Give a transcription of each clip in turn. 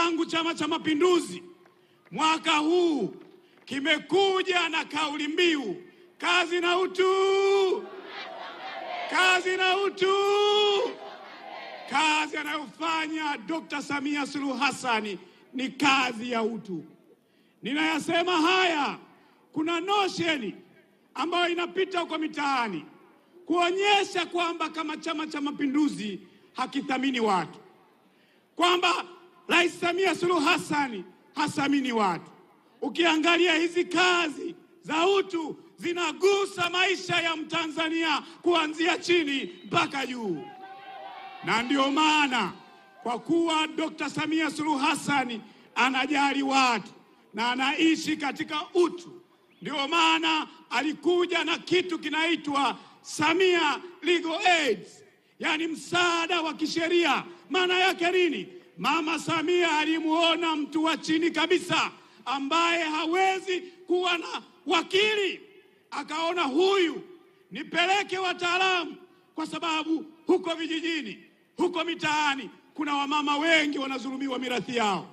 changu Chama cha Mapinduzi mwaka huu kimekuja na kauli mbiu kazi na utu, kazi na utu, kazi anayofanya Dkt. Samia Suluhu hasani ni kazi ya utu. Ninayasema haya, kuna nosheni ambayo inapita kwa mitaani kuonyesha kwamba kama Chama cha Mapinduzi hakithamini watu, kwamba Rais Samia Suluhu Hassan hasamini watu. Ukiangalia hizi kazi za utu zinagusa maisha ya Mtanzania kuanzia chini mpaka juu, na ndio maana kwa kuwa Dr. Samia Suluhu Hassan anajali watu na anaishi katika utu, ndio maana alikuja na kitu kinaitwa Samia Legal Aid, yaani msaada wa kisheria. Maana yake nini? Mama Samia alimuona mtu wa chini kabisa ambaye hawezi kuwa na wakili, akaona huyu nipeleke wataalamu, kwa sababu huko vijijini, huko mitaani kuna wamama wengi wanazulumiwa mirathi yao,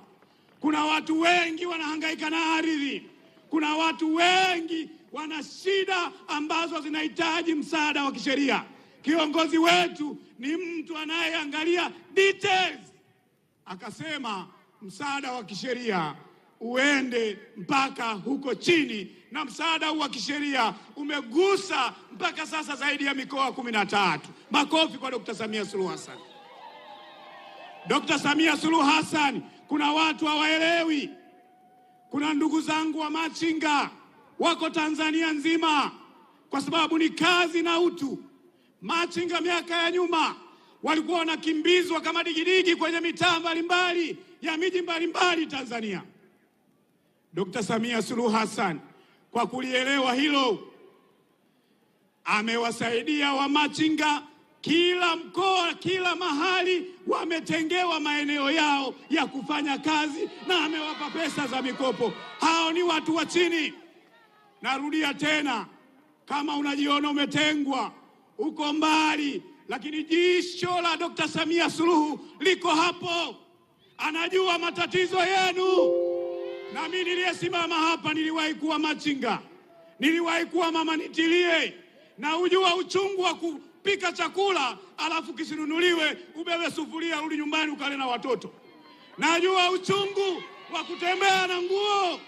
kuna watu wengi wanahangaika na ardhi, kuna watu wengi wana shida ambazo zinahitaji msaada wa kisheria. Kiongozi wetu ni mtu anayeangalia details akasema msaada wa kisheria uende mpaka huko chini, na msaada huu wa kisheria umegusa mpaka sasa zaidi ya mikoa kumi na tatu. Makofi kwa Dkt. Samia Suluhu Hassan. Dkt. Samia Suluhu Hassan, kuna watu hawaelewi. Kuna ndugu zangu wa machinga wako Tanzania nzima, kwa sababu ni kazi na utu. Machinga miaka ya nyuma walikuwa wanakimbizwa kama digidigi kwenye mitaa mbalimbali ya miji mbalimbali Tanzania. Dkt. Samia Suluhu Hassan kwa kulielewa hilo amewasaidia wamachinga kila mkoa, kila mahali wametengewa maeneo yao ya kufanya kazi na amewapa pesa za mikopo. Hao ni watu wa chini. Narudia tena, kama unajiona umetengwa, uko mbali lakini jicho la Dr. Samia Suluhu liko hapo, anajua matatizo yenu. Na mimi niliyesimama hapa niliwahi kuwa machinga, niliwahi kuwa mama nitilie, na ujua uchungu wa kupika chakula alafu kisinunuliwe, ubebe sufuria, rudi nyumbani ukale na watoto. Najua uchungu wa kutembea na nguo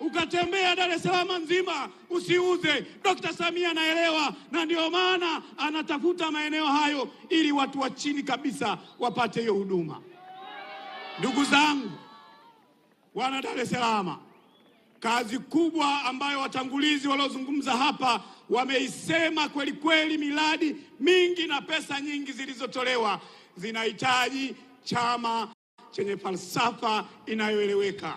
ukatembea Dar es Salaam nzima usiuze. Dr. Samia anaelewa, na ndio maana anatafuta maeneo hayo ili watu wa chini kabisa wapate hiyo huduma. Ndugu zangu, wana Dar es Salaam, kazi kubwa ambayo watangulizi waliozungumza hapa wameisema kweli kweli, miradi mingi na pesa nyingi zilizotolewa zinahitaji chama chenye falsafa inayoeleweka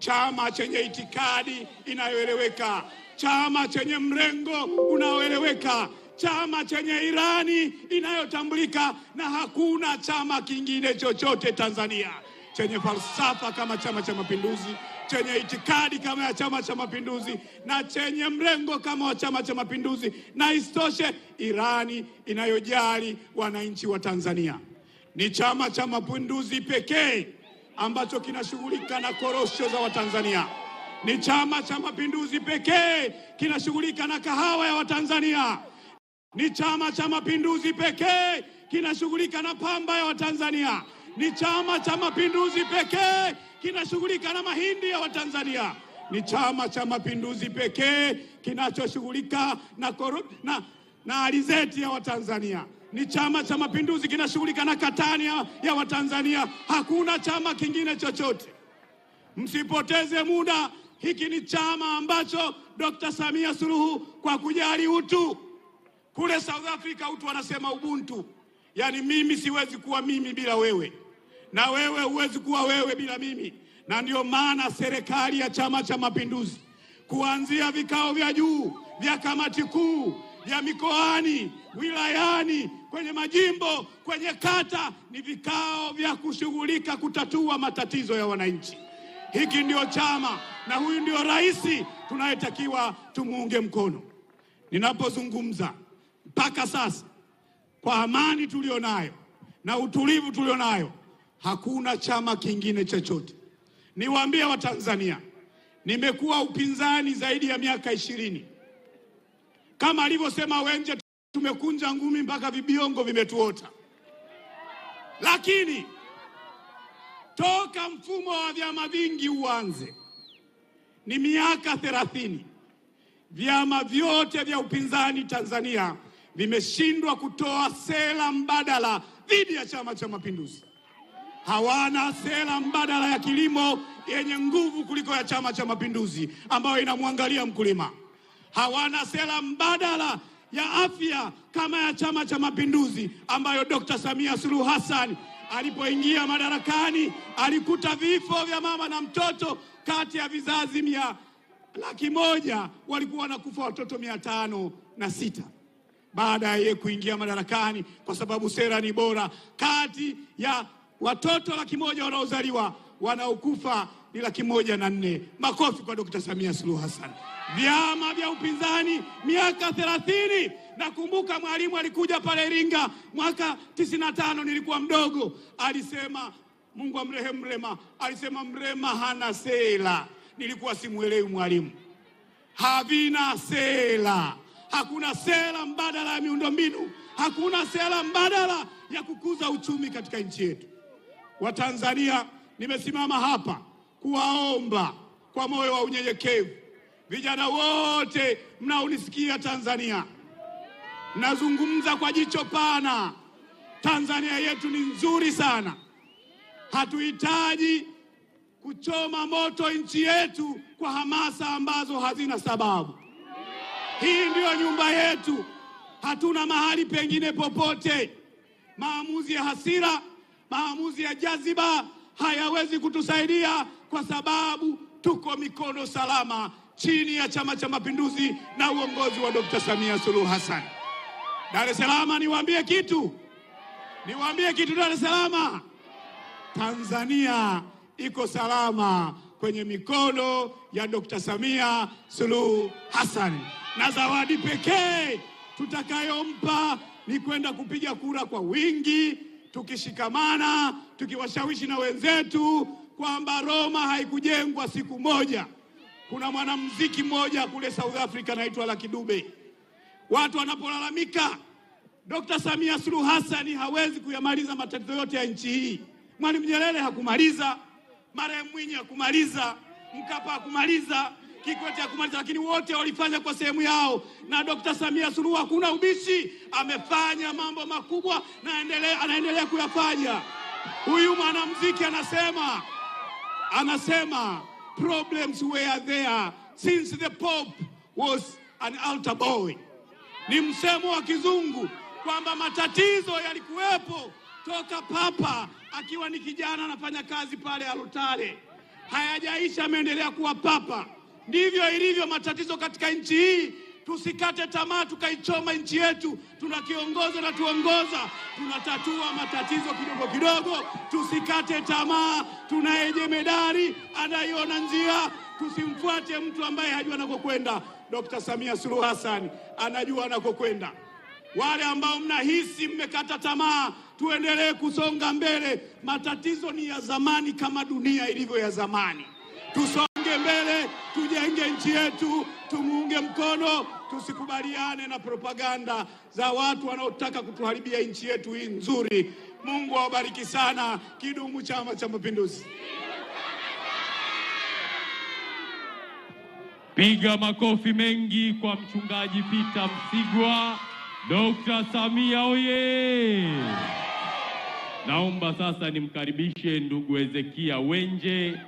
chama chenye itikadi inayoeleweka, chama chenye mrengo unaoeleweka, chama chenye irani inayotambulika, na hakuna chama kingine chochote Tanzania chenye falsafa kama Chama cha Mapinduzi, chenye itikadi kama ya Chama cha Mapinduzi na chenye mrengo kama wa Chama cha Mapinduzi, na isitoshe irani inayojali wananchi wa Tanzania. Ni Chama cha Mapinduzi pekee ambacho kinashughulika na korosho za Watanzania. Ni Chama cha Mapinduzi pekee kinashughulika na kahawa ya Watanzania. Ni Chama cha Mapinduzi pekee kinashughulika na pamba ya Watanzania. Ni Chama cha Mapinduzi pekee kinashughulika na mahindi ya Watanzania. Ni Chama cha Mapinduzi pekee kinachoshughulika na, na, na alizeti ya Watanzania ni Chama cha Mapinduzi kinashughulika na katani ya Watanzania, hakuna chama kingine chochote. Msipoteze muda. Hiki ni chama ambacho Dr. Samia Suluhu kwa kujali utu, kule South Africa utu wanasema ubuntu, yaani mimi siwezi kuwa mimi bila wewe na wewe huwezi kuwa wewe bila mimi, na ndiyo maana serikali ya Chama cha Mapinduzi kuanzia vikao vya juu vya kamati kuu ya mikoani, wilayani, kwenye majimbo, kwenye kata, ni vikao vya kushughulika kutatua matatizo ya wananchi. Hiki ndiyo chama na huyu ndio rais tunayetakiwa tumuunge mkono. Ninapozungumza mpaka sasa, kwa amani tulionayo na utulivu tulionayo, hakuna chama kingine chochote. Niwaambie Watanzania, nimekuwa upinzani zaidi ya miaka ishirini kama alivyosema Wenje, tumekunja ngumi mpaka vibiongo vimetuota, lakini toka mfumo wa vyama vingi uanze ni miaka thelathini, vyama vyote vya upinzani Tanzania vimeshindwa kutoa sera mbadala dhidi ya Chama cha Mapinduzi. Hawana sera mbadala ya kilimo yenye nguvu kuliko ya Chama cha Mapinduzi ambayo inamwangalia mkulima hawana sera mbadala ya afya kama ya Chama cha Mapinduzi ambayo Dr. Samia Suluhu Hassan alipoingia madarakani alikuta vifo vya mama na mtoto kati ya vizazi mia laki moja walikuwa wanakufa watoto mia tano na sita baada ya yeye kuingia madarakani, kwa sababu sera ni bora. Kati ya watoto laki moja wanaozaliwa wanaokufa ni laki moja na nne. Makofi kwa dokta Samia Suluhu Hassan. Vyama vya upinzani miaka thelathini. Nakumbuka Mwalimu alikuja pale Iringa mwaka tisini na tano, nilikuwa mdogo, alisema Mungu amrehemu Mrema, alisema Mrema hana sera. Nilikuwa simuelewi Mwalimu, havina sera, hakuna sera mbadala ya miundombinu, hakuna sera mbadala ya kukuza uchumi katika nchi yetu. Watanzania, nimesimama hapa kuwaomba kwa moyo wa unyenyekevu vijana wote mnaonisikia Tanzania, nazungumza kwa jicho pana. Tanzania yetu ni nzuri sana, hatuhitaji kuchoma moto nchi yetu kwa hamasa ambazo hazina sababu. Hii ndiyo nyumba yetu, hatuna mahali pengine popote. Maamuzi ya hasira, maamuzi ya jaziba hayawezi kutusaidia kwa sababu tuko mikono salama chini ya Chama cha Mapinduzi na uongozi wa Dr. Samia Suluhu Hassan. Dar es Salaam, niwaambie kitu, niwaambie kitu Dar es Salaam, Tanzania iko salama kwenye mikono ya Dr. Samia Suluhu Hassan, na zawadi pekee tutakayompa ni kwenda kupiga kura kwa wingi, tukishikamana, tukiwashawishi na wenzetu kwamba Roma haikujengwa siku moja. Kuna mwanamuziki mmoja kule South Africa anaitwa Lucky Dube. Watu wanapolalamika Dr. Samia Suluhu Hassan hawezi kuyamaliza matatizo yote ya nchi hii. Mwalimu Nyerere hakumaliza, marehemu Mwinyi hakumaliza, Mkapa hakumaliza, Kikwete hakumaliza, lakini wote walifanya kwa sehemu yao, na Dr. Samia Suluhu hakuna ubishi, amefanya mambo makubwa na anaendelea kuyafanya. Huyu mwanamuziki anasema anasema problems were there since the Pope was an altar boy. Ni msemo wa kizungu kwamba matatizo yalikuwepo toka papa akiwa ni kijana anafanya kazi pale alutare, hayajaisha ameendelea kuwa papa. Ndivyo ilivyo matatizo katika nchi hii. Tusikate tamaa tukaichoma nchi yetu, tunakiongoza na tuongoza, tunatatua matatizo kidogo kidogo. Tusikate tamaa, tunaye jemedari anaiona njia. Tusimfuate mtu ambaye hajua anakokwenda. Dkt. Samia Suluhu Hassan anajua anakokwenda. Wale ambao mnahisi mmekata tamaa, tuendelee kusonga mbele. Matatizo ni ya zamani kama dunia ilivyo ya zamani. Tusonge mbele, tujenge nchi yetu, tumuunge mkono Tusikubaliane na propaganda za watu wanaotaka kutuharibia nchi yetu hii nzuri. Mungu awabariki sana. Kidumu Chama cha Mapinduzi! Piga makofi mengi kwa Mchungaji Peter Msigwa. Dr. Samia oye! Naomba sasa nimkaribishe ndugu Hezekia Wenje.